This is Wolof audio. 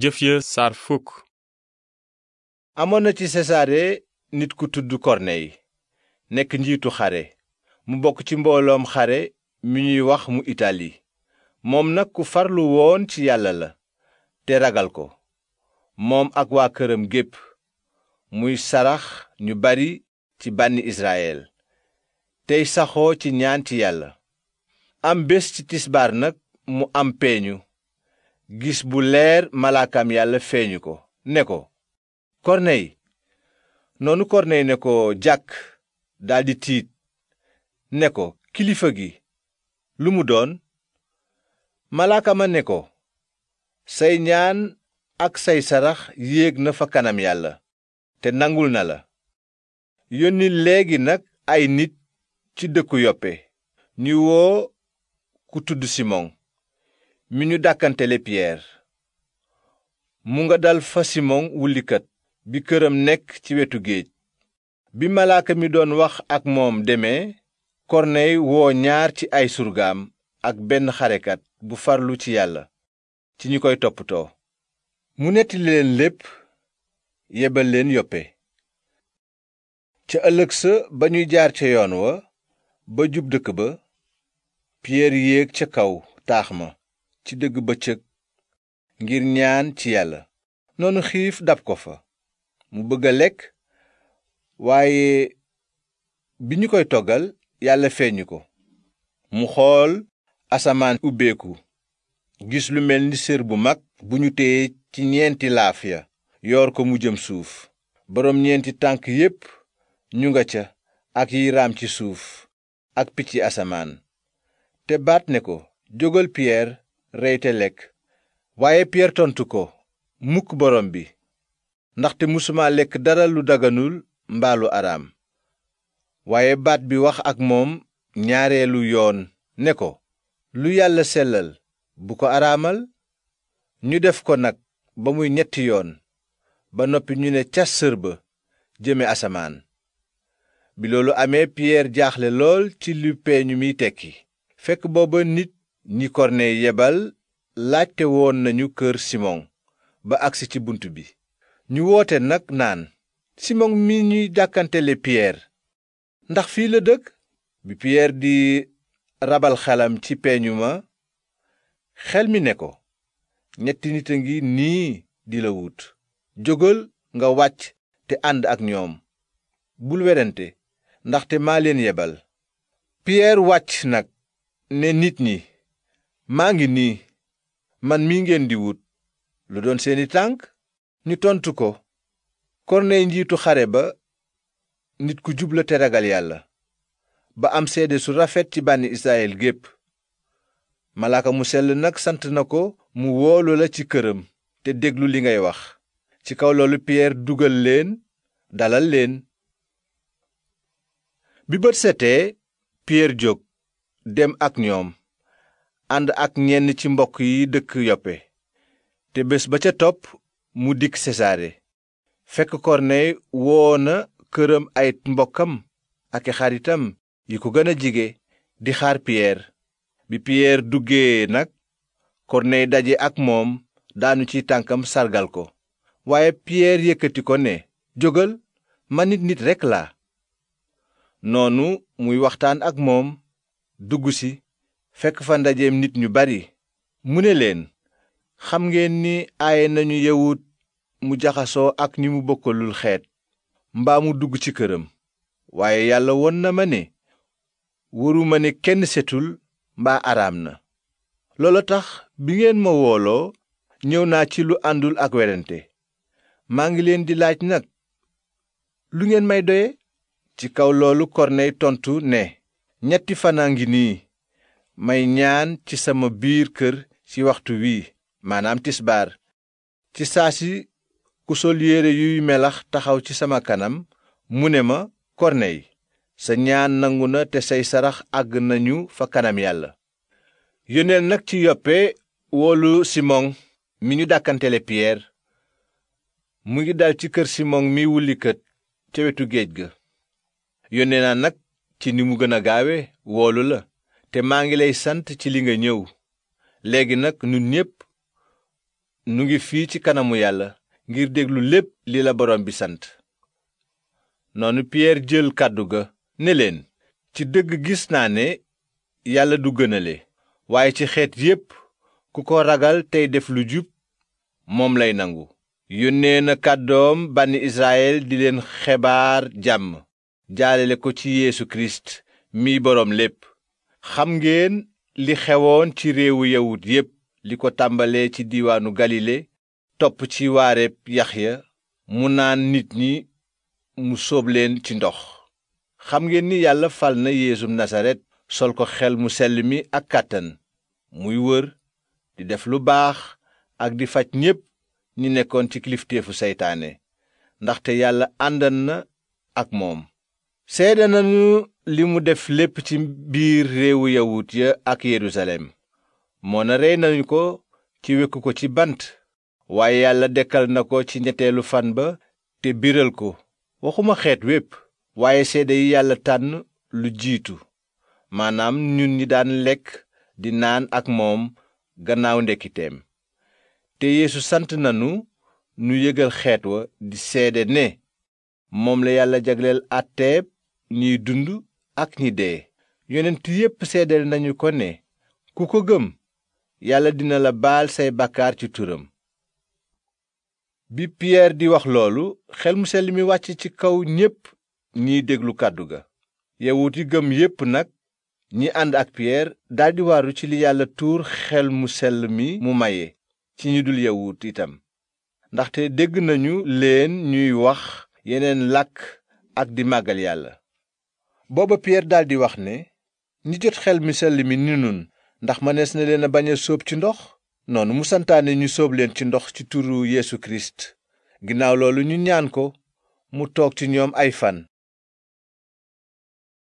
jëf ya amoon na ci sesaare nit ku tudd korney nekk njiitu xare mu bokk ci mbooloom xare mi ñuy wax mu itali moom nag ku farlu woon ci yàlla la te ragal ko moom ak waa këram gépp muy sarax ñu bari ci bànni israyel tey saxoo ci ñaan ci yàlla am bés ci tisbaar nag mu am peeñu gis bu leer malaakam yàlla feeñu ko ne ko korney noonu korney ne ko jàkk daldi tiit ne ko kilifa gi lu mu doon malaaka ma ne ko say ñaan ak say sarax yéeg na fa kanam yàlla te nangul na la yónni léegi nag ay nit ci dëkku yoppe ñu woo ku tudd Simon mi ñu dàkkantele mu nga dal fa simon wullikat bi këram nekk ci wetu géej bi malaaka mi doon wax ak moom demee korney woo ñaar ci ay surgaam ak benn xarekat bu farlu ci yàlla ci ñi koy toppatoo mu nettali leen lépp yebal leen yoppe ca ëllëg sa ba ñuy jaar ca yoon wa ba jub dëkk ba piyeer yéeg ca kaw taax ma ci dëgg bëccëg ngir ñaan ci yàlla noonu xiif dab ko fa mu bëgg a lekk waaye bi ñu koy toggal yàlla feeñu ko mu xool asamaan ubbeeku gis lu mel ni sér bu mag bu ñu téye ci ñeenti laaf ya yoor ko mu jëm suuf boroom ñeenti tànk yépp ñu nga ca ak yi raam ci suuf ak picc asamaan te baat ne ko jógal piyeer rey te lekk waaye piyeer tontu ko mukk borom bi ndaxte musuma lekk dara lu daganul mbaa lu araam waaye baat bi wax ak moom ñaareelu yoon ne ko lu yàlla sellal bu ko araamal ñu def ko nag ba muy ñetti yoon ba noppi ñu ne cas sër ba jëme asamaan bi loolu amee piyeer jaaxle lool ci lu peeñu miy tekki fekk booba nit ñi korne yebal laajte woon nañu kër simon ba agsi ci bunt bi ñu woote nag naan simon mi ñuy dàkkantele piyeer ndax fii la dëkk bi piyeer di rabal xelam ci peeñu ma xel mi ne ko ñetti nit a ngi nii di la wut jógal nga wàcc te ànd ak ñoom bul werante ndaxte maa leen yebal piyeer wàcc nag ne nit ñi maa ngi nii man mi ngeen di wut lu doon seeni tànk ñu tontu ko korney njiitu xare ba nit ku jubla te ragal yàlla ba am seede su rafet ci bànni israyil gépp malaaka mu sell nag sant na ko mu woolu la ci këram te déglu li ngay wax ci kaw loolu piyeer dugal leen dalal leen bi bët setee piyeer jóg dem ak ñoom ànd ak ñenn ci mbokk yi dëkk yoppe te bés ba ca topp mu dikk sesaare fekk korney woo na këram ay mbokkam ak xaritam yi ko gën a jige di xaar piyeer bi piyeer duggee nag korney daje ak moom daanu ci tànkam sargal ko waaye piyeer yëkkati ko ne jógal man nit nit rekk laa noonu muy waxtaan ak moom dugg si fekk fa ndajeem nit ñu bari mu ne leen xam ngeen ni aaye nañu yawut mu jaxasoo ak ñi mu bokkalul xeet mbaa mu dugg ci këram waaye yàlla won na ma ne waruma ne kenn setul mbaa araam na loola tax bi ngeen ma wooloo ñëw naa ci lu àndul ak werante maa ngi leen di laaj nag lu ngeen may doye ci kaw loolu korney tontu ne ñetti fanaa ngi nii may ñaan ci sama biir kër ci waxtu wii maanaam tisbaar ci saa si ku sol yére yuy melax taxaw ci sama kanam mu ne ma korney sa ñaan nangu na te say sarax àgg nañu fa kanam yàlla yónneel nag ci yoppe woolu simoŋ mi ñu dàkkantele piyeer mu ngi dal ci kër simoŋ mi wullikat ca wetu géej ga yónnee naa nag ci ni mu gën a gaawe woolu la te maa ngi lay sant ci li nga ñëw léegi nag nun ñépp nu ngi fii ci kanamu yàlla ngir déglu lépp li la borom bi sant noonu Pierre jël kàddu ga ne leen ci dëgg gis naa ne yàlla du gënale waaye ci xeet yépp ku ko ragal tey def lu jub moom lay nangu yónnee na kàddoom bànni Israyel di leen xebaar jàmm jaalale ko ci yéesu Kirist mii boroom lépp xam ngeen li xewoon ci réewu yawut yépp li ko tàmbalee ci diiwaanu galile topp ci waareeb yaxya mu naan nit ñi mu sóob leen ci ndox xam ngeen ni yàlla fal na yéesu nasaret sol ko xel mu sell mi ak kàttan muy wër di def lu baax ak di faj ñépp ñi nekkoon ci kilifteefu seytaane ndaxte yàlla àndan na ak moom seede nañu li mu def lépp ci biir réewu yawut ya ak moo moona rey nañu ko ci wekku ko ci bant waaye yàlla dekkal na ko ci ñetteelu fan ba te biral ko waxuma xeet wépp waaye seede yi yàlla tànn lu jiitu maanaam ñun ñi daan lekk di naan ak moom gannaaw ndekkiteem te yeesu sant nanu ñu yëgal xeet wa di seede ne moom la yàlla jagleel àtteeb ñiy dund ak ñi dee yonent yépp nañu ko ne ku ko gëm yàlla dina la baal say ci turam bi piyeer di wax loolu xel mu sell mi wàcc ci kaw ñépp ñiy déglu kàddu ga yawut yi gëm yépp nag ñi ànd ak piyeer daldi waaru ci li yàlla tuur xel mu sell mi mu maye ci ñi dul yawut itam ndaxte dégg nañu leen ñuy wax yeneen làkk ak di màggal yàlla booba piyeer daldi wax ne ñi jot xel mi sell mi ni nun ndax mënees na leen a bañ a sóob ci ndox noonu mu santaane ñu soob leen ci ndox ci turu yéesu kirist ginnaaw loolu ñu ñaan ko mu toog ci ñoom ay fan